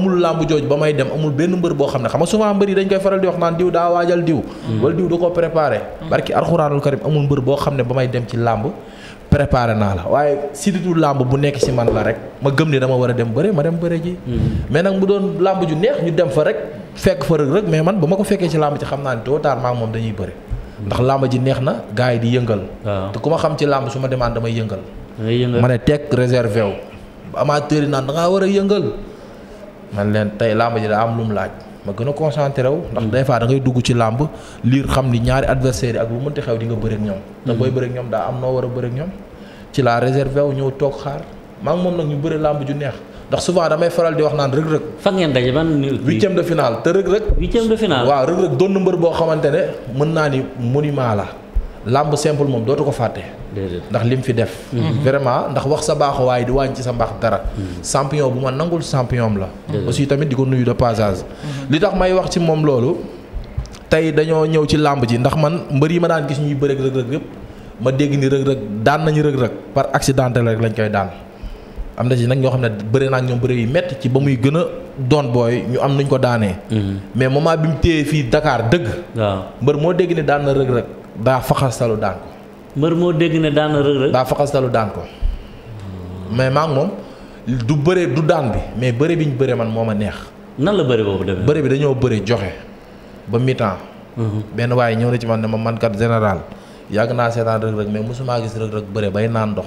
amul làmb jooj ba may dem amul benn mbër boo xam ne xam nga souvent mbër yi dañ koy faral di wax naan diw daa waajal diw mm. wala diw da koo préparé barki alxuraanul karim amul mbër boo xam ne ba may dem ci làmb préparé naa la waaye siditu làmb bu nekk si man la rek ma gëm ni dama war a dem bëre ma dem bëre ji mm. mais nag mu doon làmb ju neex ñu dem fa rek fekk fa rek rek mais man ba ma ko fekkee ci làmb ci xam naa ni tôt tard maa moom dañuy bëre mm. ndax làmb ji neex na gars yi di yëngal te ku ma xam ci làmb su ma demaan damay ma ne teg réservé wu amateur yi naan da ngaa a man leen tey làmb ji daa am lu laaj ma gën a concentré wu ndax des fois da ngay dugg ci làmb lii xam ni ñaari adversaire yi ak lu mënti xew di nga bëri ñoom. te booy bëri ñoom daa am noo war a bëri ñoom ci la réservé wu ñëw toog xaar maa moom nag ñu bëri làmb ju neex ndax su souvent damay faral di wax naan Reug Reug. fa ngeen daje ban huitième de finale te Reug Reug. huitième de finale waaw Reug Reug doon mbër boo xamante ne mën naa ni monument la. làmb simple moom dootu ko fàtte. ndax lim fi def. Mhm. vraiment ndax wax sa baax waaye di wàññi ci sa mbaax dara. sampion mhm. bu ma nangul sampion la. aussi tamit di ko nuyu de passage. Mhm. li tax may wax ci moom loolu. tey dañoo ñëw ci làmb ji ndax man mbër yi ma daan gis ñuy bëreeg rëg-rëg yëpp ma dégg ni rëg-rëg daan nañu rëg-rëg par accidentel rek lañ koy daan. am na ci nag ñoo xam ne bëri naa ñoom bëri yu metti ci ba muy gën a doon booy ñu am nañ ko daanee. mais moment bi mu téye fii Dakar dëgg. mbër moo dégg daan na rëg daa faxastalu daan ko. mbër moo dégg ne daan na Reug Reug daa faxastalu daan ko mais maa moom du bëre du daan bi mais bëre bi ñu bëre man moo ma neex. nan la bëre boobu demee. bëre bi dañoo bëre joxe ba mi-temps. Mhm. benn waaye ñëw na ci man ne ma mankat kat général yàgg naa seetaan Reug Reug mais mosuma gis Reug Reug bëre bay naan ndox.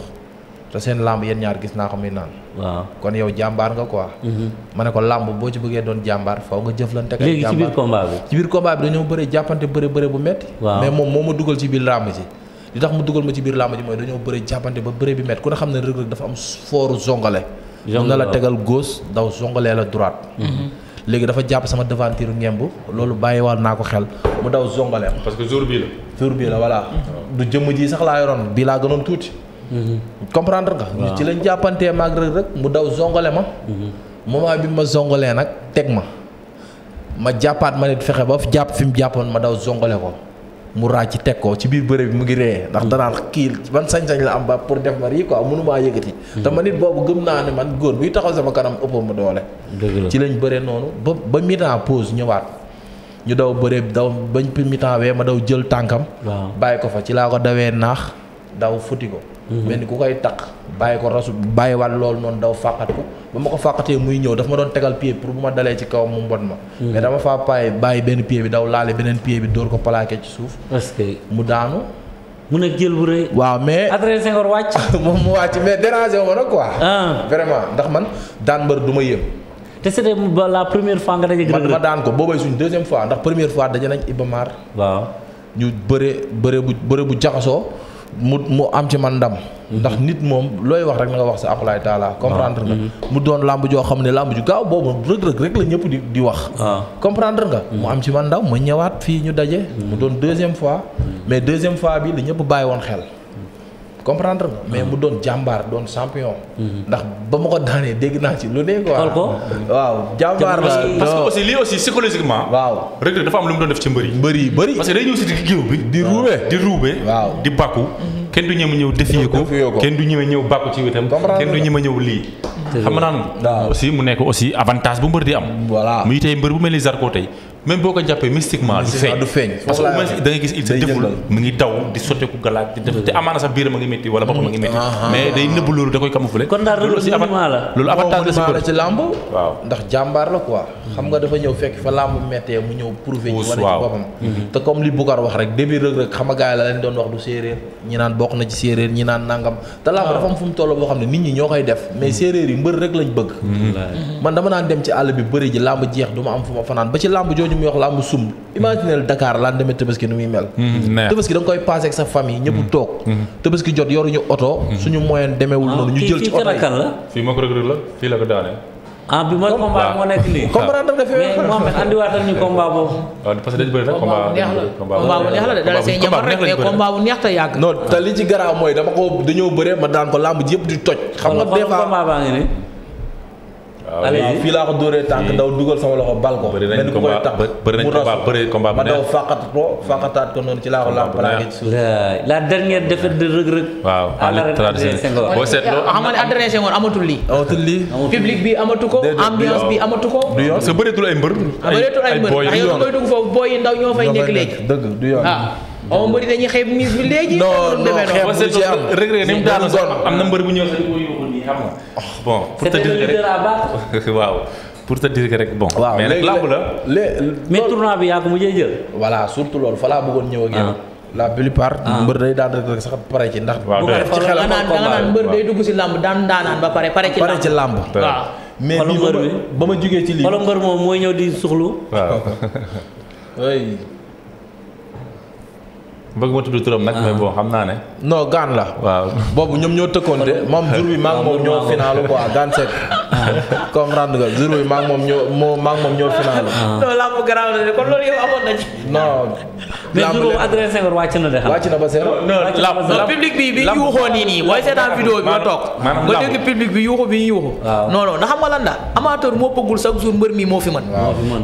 te seen làmb yéen ñaar gis naa ko muy naan. waaw kon yow jàmbaar nga quoi. Mhm. ma ne ko làmb boo ci bëggee doon jàmbaar faw nga jëflante. ak jàmbaar léegi ci bi. ci biir combat bi dañoo bëre jàppante bëre bëre bu metti mais moom moo ma dugal ci biir làmb ji. li tax mu dugal ma ci biir làmb ji mooy dañoo bëre jàppante ba bëre bi metti ku ne xam ne Reug Reug dafa am fooru zongale. zongale na la tegal gauche daw zongalee la droite. Mhm. léegi dafa jàpp sama devanture ngemb loolu bàyyi bàyyiwaat naa ko xel mu daw zongale. parce que jour bii la. jour bii la voilà. Mhm. du jëmm ji sax laa gënoon tuuti comprendre nga. ñu ci lañ jàppantee maag rek rek mu daw zongale ma. Mhm. moment bi ma zongalee nag teg ma ma jàppaat ma nit fexe ba jàpp fi mu jàppoon ma daw zongale ko mu raaj ci teg ko ci biir bëre bi mu ngi ree ndax mhm. danaan kii ban sañ-sañ la am ba pour def ma rii ko mënu maa yëkkati. Mhm. te ma nit boobu gëm naa ne man góor buy taxaw sama kanam ëpp ma doole. ci lañ bëree noonu ba ba mi-temps ñëwaat ñu daw bëree daw bañ mi wee ma daw jël tànkam. bàyyi ko fa ci laa daw futi ko. mel mhm. ni ku koy taq bàyyi ko rasu bàyyi bàyyiwaat loolu noonu daw fàqat ko ba ma ko fàqatee muy ñëw daf ma doon tegal pied pour bu ma dalee ci kaw mu mbot ma. Mhm. mais dama faa paay bàyyi benn pied bi daw laale beneen pied bi dóor ko plaqué ci suuf. parce que mu daanu. mun a jël bu rëy. waaw mais adressé nga wàcc. moom mu mais dérangé wu ma nag quoi. Ah. vraiment ndax daan du ma yëm. te c'était la première fois nga daje. man daan ko boobay suñ deuxième fois ndax première fois daje nañ Ibamar. waaw ñu bëre bëre bu bëre bu jaxasoo. mu mu am ci man ndam. Mhm. ndax nit moom looy wax rek na nga wax si akulaay taala ah. comprendre nga mhm. mu doon làmb joo xam ne làmb ju gaaw boobu rëg-rëg rek la ñëpp di di wax ah. comprendre nga mu mhm. am ci man ndam ma ñëwaat fii ñu daje mu doon deuxième fois mais deuxième fois bi la ñëpp bàyyi woon xel comprendre nga mais mu doon jàmbaar doon champion. ndax ba ma ko daanee dégg naa ci lu ne quoi. xool ko waaw jàmbaar la. parce que aussi lii aussi psychologiquement. waaw Reug dafa am lu mu doon def ci mbër yi. mbër yi bëri parce que day ñëw si digg géew bi. di ruube di ruube. waaw di bàkku. kenn du ñëw ñëw défier ko kenn du ñëw ñëw bàkku ci wetam. kenn du ñëw ñëw lii. xam nga naan aussi mu nekk aussi avantage bu mbër di am. voilà muy tey mbër bu meli ni Zarko tey mais boo ko jàppee mystiquement du feeñ du feeñ parce que au moins gis il se déful mu ngi daw di sotteeku galaat di def te amaana sax biiram a ngi métti wala boppam a ngi ah, ah, ah. la si la dafa ñëw fekk fa làmb méttee mu ñëw prouver ci wala ci boppam mhm. te comme li Boucar wax rek début rëg rek xam la leen doon wax du séeréer ñi naan bokk na ci séeréer ñi naan nangam te làmb dafa am fu toll boo xam ne nit ñi ñoo koy def mais mhm. séeréer yi mbër rek lañ bëgg mhm. man dama naan ñu muy wax làmb sumb imagineel Dakar laan demee Tabaski nu muy mel mm-hmm. Mm-hmm. Tabaski da nga koy passé ak sa famille ñëpp mm-hmm. toog Tabaski jot yoruñu oto suñu moyen demeewul ah, noonu ñu jël ci oto yi fii moo ko rëg-rëg la fii la ko daanee ah bi mooy combat moo nekk nii. comprendre nga fi mais moom bu neex te yàgg. non te li ci garaaw mooy dama ko dañoo bëree ma daan ko làmb ji yëpp di toj. xam nga baa ngi nii. waaw ah fii laa ko dóoree tànk daw dugal sama loxo bal ko. bëri nañ combat bëri nañ combat bëri combat ma daw fàqat ko fàqataat ko noonu ci laa ko laa plaqué ci suuf. la dernière défaite de Reug Reug. waaw boo seetloo ah, xam nga Adrien Senghor amatul lii. amatul lii public bi amatu ko. ambiance bi amatu ko. du yoon parce que bëreetul ay léegi. dëgg du yoon waaw ah, mbëri bi léegi. non non xeeb bu ci xam nga. Oh, bon pour te dire rek waaw pour te dire rek bon. bi yaa ko mujjee jël. voilà loolu fa bëggoon ñëw ak ah. la plupart. Ah. mbër day daan da nga naan mbër day dugg si lamb daan ba pare pare ci lamb pare ci lamb. waaw mais bii ma jógee ci lii. xoolal mbër moom mooy ñëw di suxlu. waaw. bëgg ma tudd turam nag. mais bon xam naa ne. no gaan la. waaw boobu ñoom ñoo tëkkoon de moom jour bi maa ngi moom ñoo finaalu quoi gaan seet. comprendre nga jour bi maa moom ñoo maa ngi moom ñoo finaalu. la de kon loolu yow amoon na ci. non. lamb mais Adrien Senghor wàcc na de xam. wàcc na ba Senghor. non public bi bi yuuxoo nii nii booy seetaan vidéo bi ma toog. nga dégg public bi yuuxu bi yuuxu. waaw na xam nga lan la moo pëggul chaque jour mbër mi moo fi mën.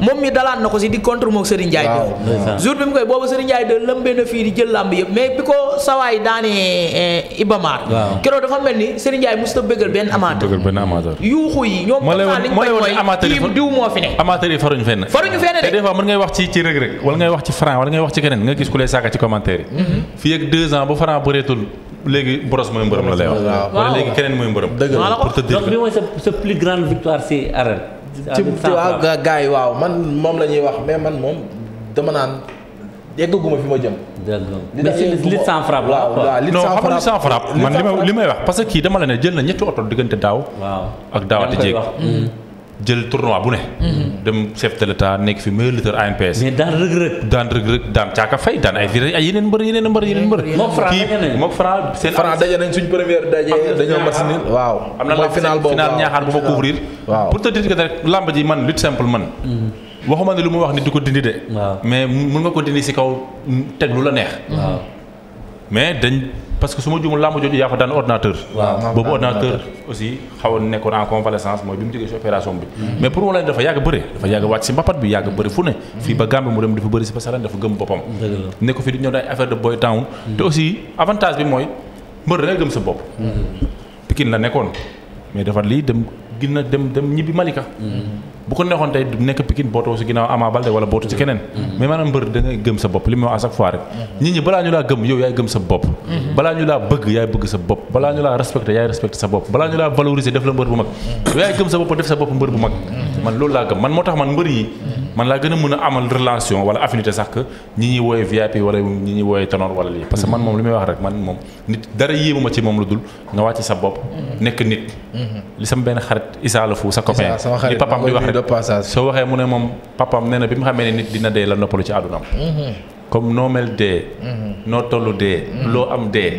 moom mi dalaan na ko si di contre moog Serigne Ndiaye. waaw jour bi ko sawaay daanee eh, ni Serigne Ndiaye a yi ñoom. ma faruñu fenn. faruñu fenn de. te des fois ngay wax ci ci Reug Reug ngay wax ci Franc wala ngay wax ci keneen nga gis ku lay saaga ci commentaire yi. Mhm. fii ak deux ans ba Franc bëreetul léegi Brosse mooy mbërëm la lay wax. waaw wala léegi keneen mooy mbërëm. dëgg la pour te dire donc bi si arène. ci waaw gars yi waaw man moom la ñuy wax mais man moom dama naan yeggaguma fi ma jëm. li sans frappe waaw waaw li sans frappe man li may wax parce que kii dama la ne jël na ñetti oto diggante daaw. waaw ak daawati jéeg jël tournoi bu ne. Mhm. dem chef de l'état nekk fi meilleur lutteur ANPS. mais daan rëg-rëg. daan rëg-rëg daan caaka fay daan ay yeneen mbër yeneen mbër yeneen mbër. moom Franc daje daje nañ suñ première daje. dañoo mat ni waaw. am na la final boobu ñaaxaar bu ma couvrir. waaw pour te dire que rek lamb ji man lutte simple man. Mhm. waxuma ne lu mu wax ni du ko dindi de. mais mun nga ko dindi si kaw teg lu la neex. mais dañ. parce que su ma juumul làmb jooju yaa fa daan ordinateur. waaw boobu ordinateur aussi xawoon nekkoon en convalescence mooy bi mu jógee si opération bi. mais pour mu la dafa yàgg bëre dafa yàgg wàcc si mbapat bi yàgg bëri fu ne. fii ba Gambie mu dem dafa bëri si pasaran dafa gëm boppam. ne ko di ñëw daay affaire de boy town. te aussi avantage bi mooy mbër da gëm sa bopp. Mm-hmm. Pikine la nekkoon mais dafa lii dem gis na dem dem ñibbi Malika. Mm-hmm. bu ko neexoon nekk Pikine bootoo si ginnaaw Ama Baldé wala bootu si keneen mais maanaam mbër da gëm sa bopp li à chaque fois rek nit ñi balaa ñu laa gëm yow yaay gëm sa bopp balaa ñu laa bëgg yaay bëgg sa bopp balaa ñu laa respecté yaay respecté sa bopp balaa ñu laa valoriser def la mbër bu mag yow yaay gëm sa bopp def sa bopp mbër bu mag man loolu laa gëm moo tax man mbër yi. man laa gën a mën a amal relation wala affinité sax que ñi ñuy wooyee VIP wala ñi ñuy wooyee tenor wala lii. parce que man moom li may moom nit dara yéemu ci moom lu dul nga wàcc sa bopp. nekk nit. li sama benn xarit Issa la fu sa copain. li papaam di wax rek soo waxee mu ne moom papaam nee na bi mu xamee nit dina dee la noppalu ci àddunaam. Mhm. comme noo mel dee. Mhm. noo toll dee. Mhm. loo am dee.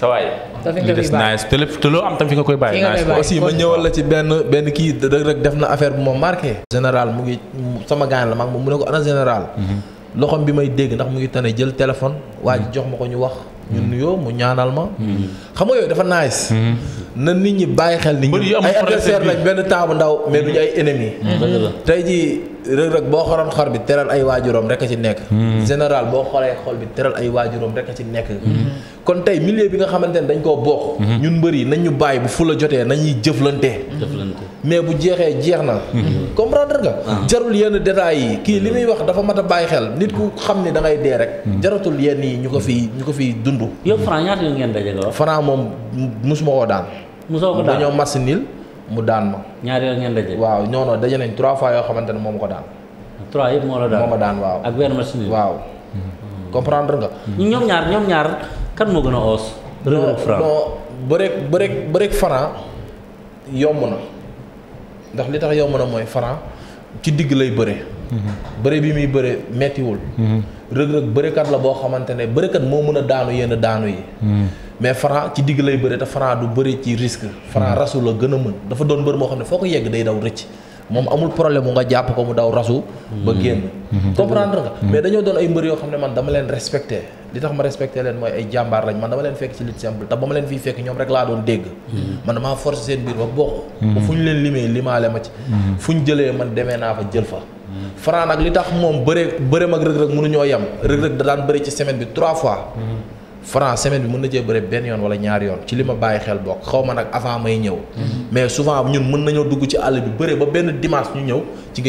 sa waay. li des nice te loo am tam fi nga koy bàyyi. aussi ma ñëwal la ci benn benn kii rek rek def na affaire bu ma marqué. général mu ngi sama gaañ la mag moom mu ne ko ana général. Mhm. loxoom bi may dégg ndax mu ngi tane jël téléphone. waa mhm. jox ma ko ñu wax. ñu mhm. nuyoo mu ñaanal ma. xam nga yooyu dafa nice. na nit ñi bàyyi xel nit ñi. ay adversaire lañ benn temps ndaw mais duñu ay ennemis. tey jii. Reug Reug boo xoroon xol bi teral ay waajuroom rek a ci nekk. Hmm. général boo xoolee xol bi teral ay waajuroom rek a ci nekk. Hmm. kon tey milieu bi nga xamante ne dañ koo bokk. Hmm. ñun mbër yi nañ ñu bàyyi bu fu la jotee nañuy jëflante. jëflante mais bu jeexee jeex na. comprendre nga. Ah. jarul yenn détails yi kii li muy wax dafa mat a bàyyi xel nit ku xam ni da ngay dee rek. jaratul yenn yi ñu ko fi ñu ko fi dund. yow Franc ñaata ngeen daje nga wax. Franc moom mosuma koo daan. mosoo ko daan dañoo mas mu daan ma. ñaar yoon ngeen daje. waaw non non daje trois fois yoo xamante ne moom ko daan. trois yëpp moo la daan moo ma daan waaw. ak benn machine waaw. comprendre nga. ñoom ñaar ñoom ñaar kan moo gën a oos. Reug Reug Franc non bëreeg bëreeg yomb na ndax li tax yomb na mooy Franc ci digg lay bëre. Mhm. bëre bi muy bëre mettiwul. Mhm. Reug Reug bërekat la boo xamante ne bërekat moo mën a daanu yenn daanu yi. Mhm. mais Franc ci digg lay bëre te Franc du bëri ci risque. Franc hmm. rasu la gën a mën dafa doon mbër moo xam ne foo ko yegg day daw rëcc. moom amul problème mu nga jàpp ko mu daw rasu. ba hmm. génn. Hmm. comprendre nga. mais dañoo doon ay mbër yoo xam ne man dama leen respecté li tax ma respecté leen mooy ay jàmbaar lañ man dama leen fekk ci lutte simple te ba ma leen fiy fekk ñoom rek laa doon dégg. man damaa forcé seen biir ba bokk. ba fu ñu leen limee limaale ma ci. fu ñu jëlee man demee naa fa jël fa. Franc nag li tax moom bëree bëreem ak Reug Reug ñoo yam Reug Reug da bëri ci semaine bi trois fois. Franc semaine bi mën na cee bëre benn yoon wala ñaari yoon ci li ma bàyyi xel bokk xaw ma nag avant may ñëw. Mhm. mais souvent ñun mën nañoo dugg ci àll bi bëre ba benn dimanche ñu ñëw ci ngay.